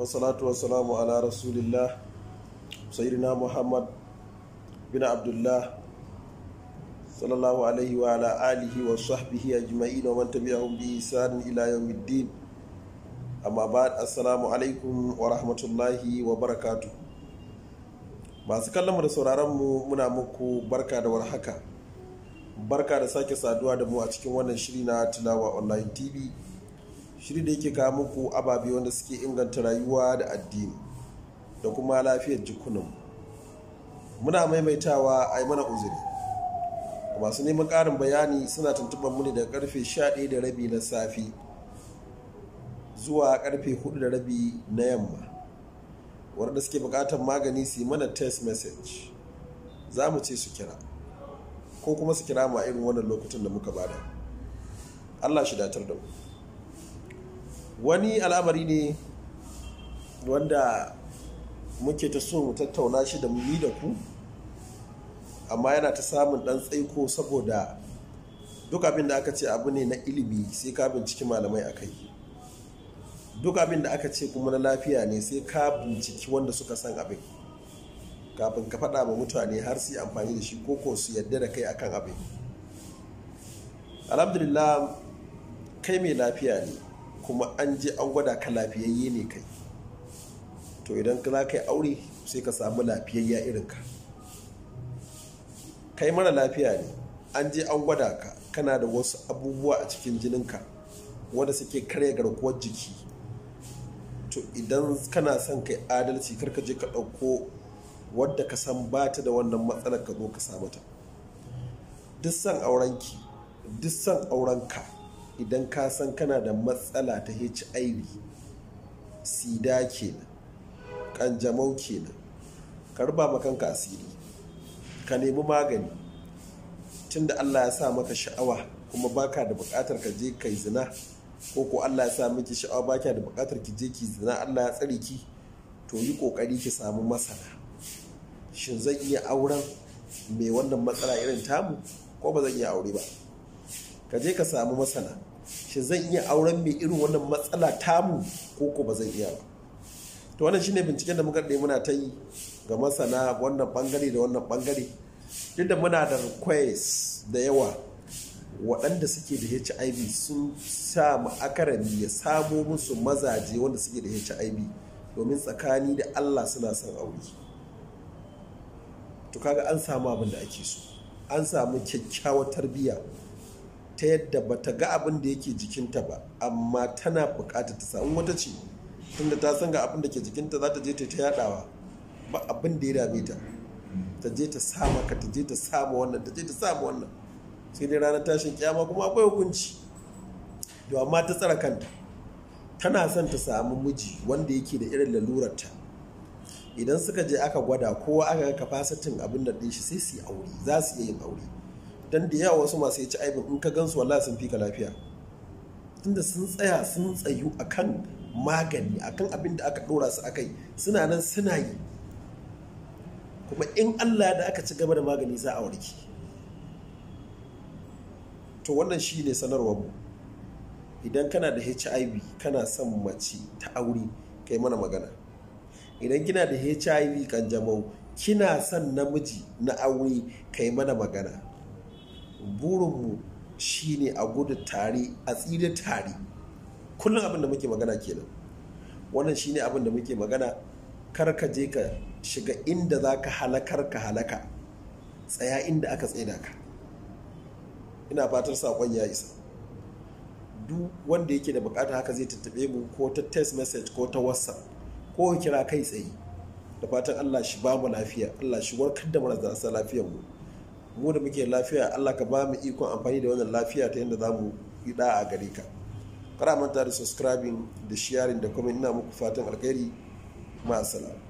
wasalatu wasalamu ala rasulillah sayyidina muhammad bin abdullah sallallahu alaihi wa ala alihi wa sahbihi ajma'in wa man tabi'ahum bi ihsan ila yawmiddin amma ba'd assalamu alaikum wa rahmatullahi wa barakatuh masu kallon mu da sauraron mu muna muku barka da warhaka barka da sake saduwa da mu a cikin wannan shiri na tilawa online tv shiri da yake kawo muku ababe wanda suke inganta rayuwa da addini da kuma lafiyar jikunan muna maimaitawa a yi mana uzuri masu neman ƙarin bayani suna tuntuɓar mu ne da karfe ɗaya da rabi na safi zuwa karfe 4 rabi na yamma wanda suke buƙatar magani su yi mana test message za mu ce su kira ko kuma su kira mu a irin wannan lokutan da muka bada Allah shi datar da mu wani al'amari ne wanda muke ta so mu tattauna shi da muni da ku amma yana ta samun ɗan tsaiko saboda duk abin da aka ce abu ne na ilimi sai ka binciki malamai a kai duk abin da aka ce kuma na lafiya ne sai ka binciki wanda suka san abin kafin ka faɗa ma mutane har su yi amfani da shi ko ko su yadda da kai akan abin alhamdulillah kai mai lafiya ne kuma an je an gwada ka lafiyayye ne kai to idan za ka yi aure sai ka samu lafiyayya irin ka kai mara lafiya ne an je an gwada ka kana da wasu abubuwa a cikin jininka wanda suke karya garkuwar jiki to idan kana son kai adalci karka je ka ɗauko wadda ka san ba ta da wannan matsalar ka zo ka samu ta duk son aurenki duk son aurenka idan ka san kana da matsala ta hiv sida kenan kanjamau kenan ka ruba kanka asiri ka nemi magani tunda allah ya sa maka sha'awa kuma baka da bukatar ka je kai zina ko ko allah ya sa miki sha'awa baka da bukatar ki je ki zina allah ya tsare ki to yi kokari ki samu masana shin zan iya auren mai wannan matsala irin tamu ko ba zan iya aure ba ka je ka samu masana shi zan iya auren mai irin wannan matsala tamu ko ko ba zan iya ba to wannan shine binciken da muka muna ta yi ga masana wannan bangare da wannan bangare duk da muna da request da yawa waɗanda suke da hiv sun sa ma'akarami ya samo musu mazaje wanda suke da hiv domin tsakani da allah suna son aure to kaga an samu abin da ake so an samu kyakkyawar tarbiyya ta yadda ba ta ga abin da yake jikinta ba amma tana bukatar ta samu wata ce tunda ta san ga abin da ke jikinta za ta je ta yadawa ba abin da ya dame ta ta je ta sama ka ta je ta sama wannan ta je ta sama wannan sai dai ranar tashin kyama kuma akwai hukunci to amma ta tsara kanta tana son ta samu miji wanda yake da irin lalurarta idan suka je aka gwada kowa aka ga capacity abin da ɗin shi sai su yi aure za su iya yin aure dan da yawa wasu masu HIV in ka gansu wallahi sun fi ka lafiya tunda sun tsaya sun tsayu akan magani akan abin da aka ɗora su akai suna nan suna yi kuma in Allah da aka ci gaba da magani za a warke to wannan shi ne sanarwar mu idan kana da hiv kana son mace ta aure kai mana magana idan kina da hiv kanjamau kina son namiji na aure kai mana magana burinmu ne a gudu tare a tsire tare kullum abin da muke magana kenan wannan shine abin da muke magana kar ka je ka shiga inda za ka halakar ka halaka tsaya inda aka tsaida ka ina fatar saƙon ya isa duk wanda yake da bukata haka zai tattabe mu ko ta text message ko ta whatsapp ko kira kai tsaye da fatan allah shi ba mu lafiya allah shi warkar da marasa lafiyar mu mu da muke lafiya Allah ka ba mu ikon amfani da wannan lafiya ta yadda za mu yi da a gare ka kara manta da subscribing da sharing da comment ina muku fatan alkhairi ma'asala